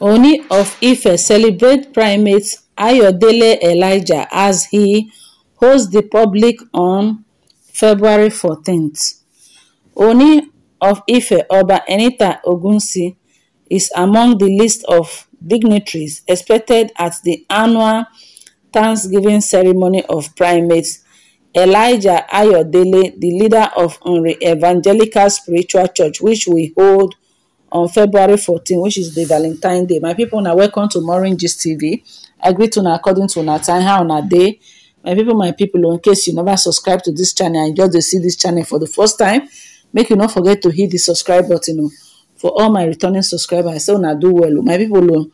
Oni of Ife celebrate primates Ayodele Elijah as he hosts the public on February 14th. Oni of Ife Oba Enita Ogunsi is among the list of dignitaries expected at the annual Thanksgiving ceremony of primates. Elijah Ayodele, the leader of Unri Evangelical Spiritual Church, which we hold on february 14 which is the valentine day my people now welcome to maureen gist tv i greet you according to una time how una dey my people. my people, oh, in case you never subscribe to this channel and just dey see this channel for the first time make you not forget to hit the subscribe button oh, for all my returning subscribers i say do well oh. my people.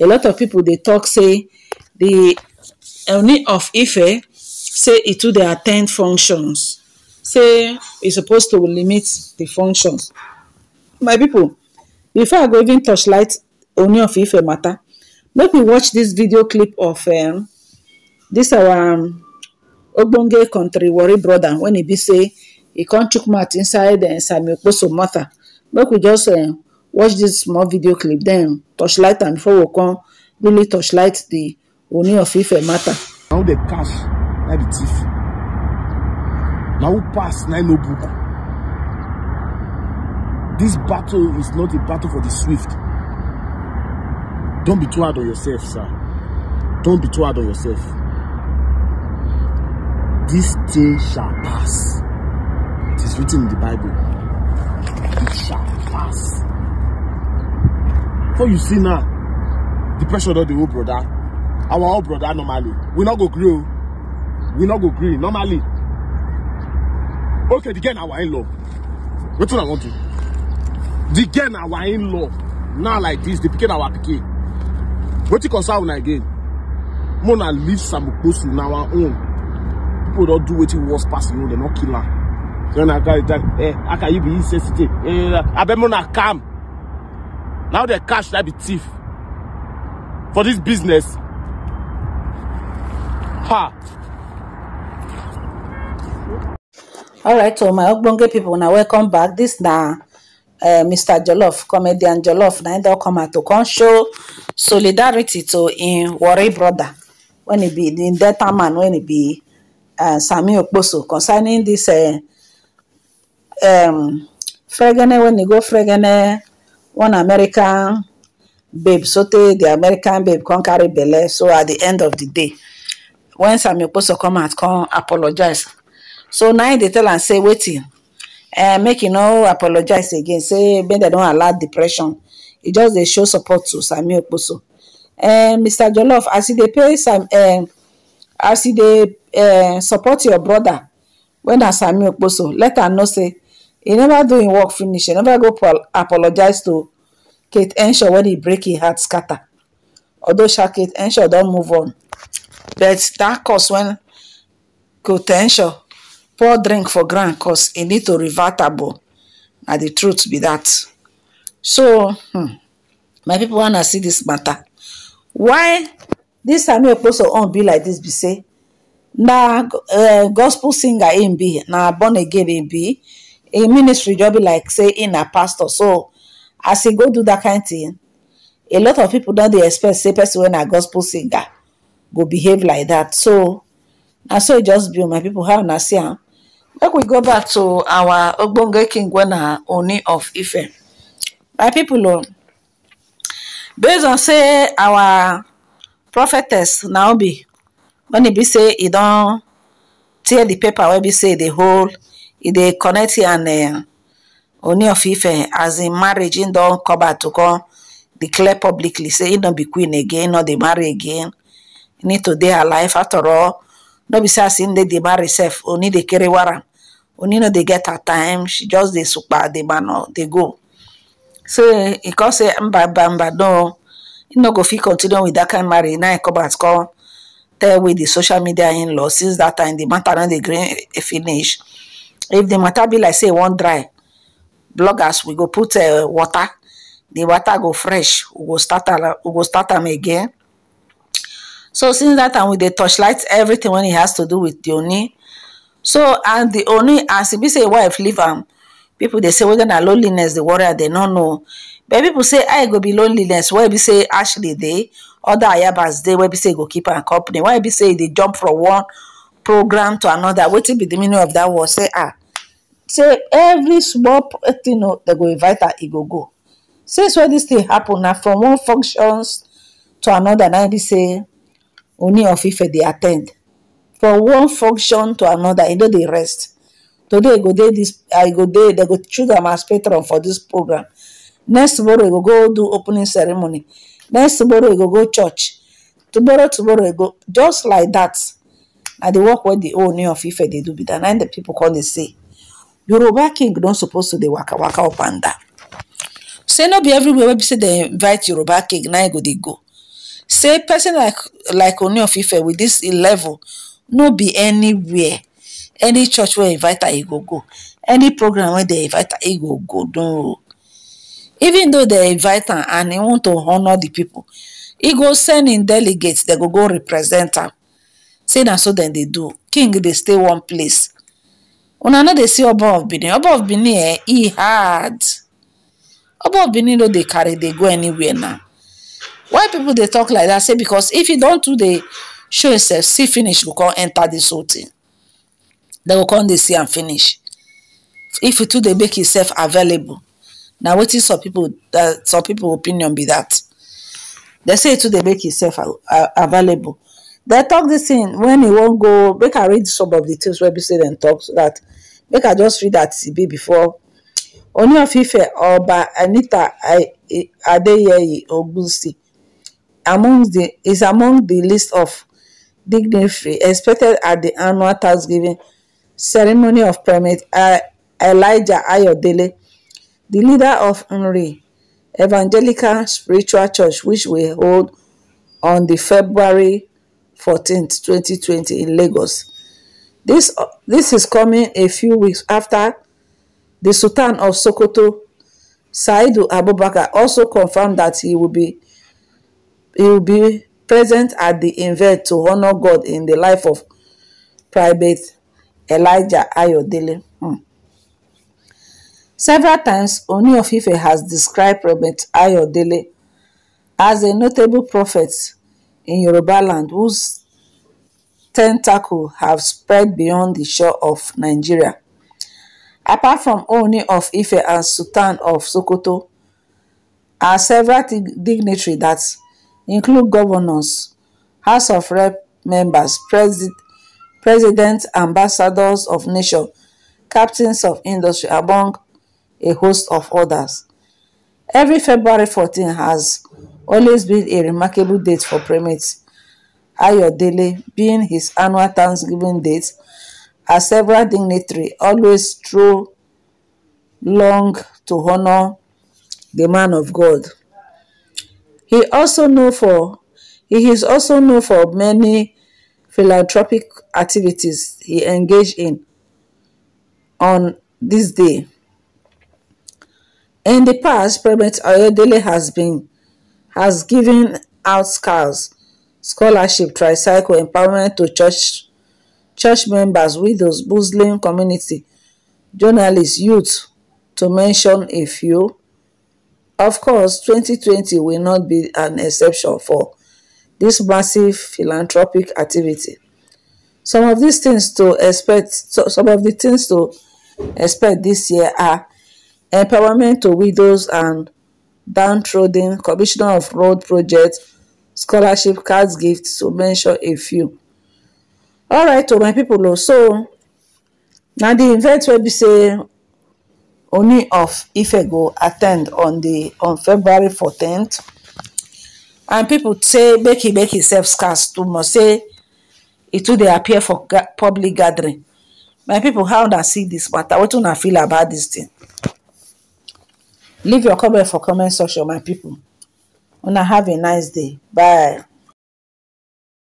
a lot of people they talk say the elni of ife say it e to their attend functions say it's e supposed to limit the functions my people before i go even touch light oni of ife matter make we watch this video clip of um, dis our um, ogbonge country warri brother. When he be say he can't chook mouth inside and um, samuel okposo matter make we just uh, watch this small video clip then touch light and before we come really touch light the oni of ife matter. na the dey cash na be thief Now pass now no book. This battle is not a battle for the swift. Don't be too hard on yourself, sir. Don't be too hard on yourself. This thing shall pass. It is written in the Bible. It shall pass. For you see now, depression not the old brother. Our old brother normally. We not go grow. We not go green normally. Okay, the girl our in-law. do I wan do? The girl our in-law. Now like this, the pikin our pikin. What you concern una again? Mona leave Samukposu now our own. People don't do what it was past, you know, they not killer. Then I now guy that eh, how can you be insensitive? Eh, I bet Mona calm. Now they cash that be thief. For this business. Ha. all right so my ogbonge people, now welcome back This na uh, eh, Mr. Jollof, comedian Jollof, na don come out to come show solidarity to in Warri brother when he be im delta man when he be uh, Sami Okposo concerning this uh, um, Fregene when you go Fregene one American babe sotey the American babe come carry belle so at the end of the day when Sami Okposo come out come apologize so now im tell and say waiting. Eh, make e no apologize again say make dem don allow depression e just dey show support to sami okposo eh, mr jolof as e dey pay some eh, as e dey support your broda wen na sami okposo let am know say e never do im work finish e never go apologize to kate henshaw wen e break e heart scatter although kate henshaw don move on but dat cause wen kate go pour drink for grant, cos e need to revert the truth be that so hmm, my people wanna see this matter why this time you Ekposo own be like this be say na uh, gospel singer in be na born again in be a ministry job be like say in a pastor so as say go do that kind of thing a lot of people don't expect say person when a gospel singer go behave like that so and so e just be oh, my people have not seen. make we go back to our ogbonge king wey oni of ife my people based on say our prophetess naomi when e be say e don't tear the paper when be say e dey hold they e connect connect and eh, oni of ife as im marriage e don't come back to come declare publicly say im e don't be queen again not dey marry again need to dey alive after all no be say as im dey dey marry sef oni dey carry wara oni no dey get her time she just dey supa dey man dey go so e come say mba mba mba no e no go fit continue with dat kind marriage now e come out come tell wey di social media in-law since dat time di matter no dey gree e finish if di matter be like say e wan dry bloggers we go put eh, water di water go fresh we go start am again so since that time we dey torchlight everything when it has to do with the Ooni so and the Oni, as e be say wife leave am um, people They say whether na loneliness dey worry they no know but people say I go be loneliness Why we say actually they other ayabas they wey be say go keep am company why we say they jump from one program to another What it be the meaning of that word say ah say every small thing o dem go invite her e go go since when this thing happen na from one functions to another na be say oni of ife dey attend from for one function to another e no dey rest today e go dey this i e go dey dem go choose am as patron for dis programme next tomorrow e go go do opening ceremony next tomorrow e go go church tomorrow tomorrow e go just like dat na di work wey di oni of ife dey do be that and di pipo come dey say yoruba king don suppose to dey waka waka up and down. say no be everywhere wey be say dem invite yoruba king na e go dey go. say person like like Ooni of Ife with this level no be anywhere any church where invite her e go go any program where they invite her e go go no even though they invite am and e want to honour the people, he go send in delegates They go go represent am say that so then they do king they stay one place When another dey see above of above oba of benin eh e hard oba of no dey carry They go anywhere now why people they talk like that? say because if you don't do the show yourself, see finish can't enter this whole thing They will come dey see and finish if you do, they make yourself available Now, what is some people that some people opinion be that? They say to too make yourself available They talk this thing wen won't go make i read some of the things where we say and talk so that make i just read that CB be before oni of ife by anita or ogunsi among the is among the list of dignitaries expected at the annual Thanksgiving ceremony of permit uh, Elijah Ayodele, the leader of Henry Evangelical Spiritual Church, which we hold on the February 14th, 2020 in Lagos. This, uh, this is coming a few weeks after the Sultan of Sokoto, Saidu Abubakar, also confirmed that he will be he will be present at the event to honor God in the life of Private Elijah Ayodele. Hmm. Several times, Ooni of Ife has described Private Ayodele as a notable prophet in Yoruba land whose tentacles have spread beyond the shore of Nigeria. Apart from Ooni of Ife and Sultan of Sokoto, are several dignitaries that include governors house of rep members presi presidents ambassadors of nations captains of industry among a host of others. Every February 14 has always been a remarkable date for Primate Ayodele, being his annual Thanksgiving date, as several dignitaries always throw long to honor the man of God. He also know for he is also known for many philanthropic activities he engaged in on this day. In the past, President Ayodele has been has given out scars, scholarship, tricycle, empowerment to church church members, widows, Muslim community, journalists, youth, to mention a few. Of course, 2020 will not be an exception for this massive philanthropic activity. Some of these things to expect, some of the things to expect this year are empowerment to widows and downtrodden, commissioner of road projects, scholarship cards gifts, to mention a few. All right, to oh, my people, oh, so now the event will be saying Oni of Ife attend on the on February 14th. And people say make he make himself scarce too Must Say it too they appear for ga public gathering. My people, how do I see this I want to feel about this thing? Leave your comment for comment social. my people. and I have a nice day. Bye.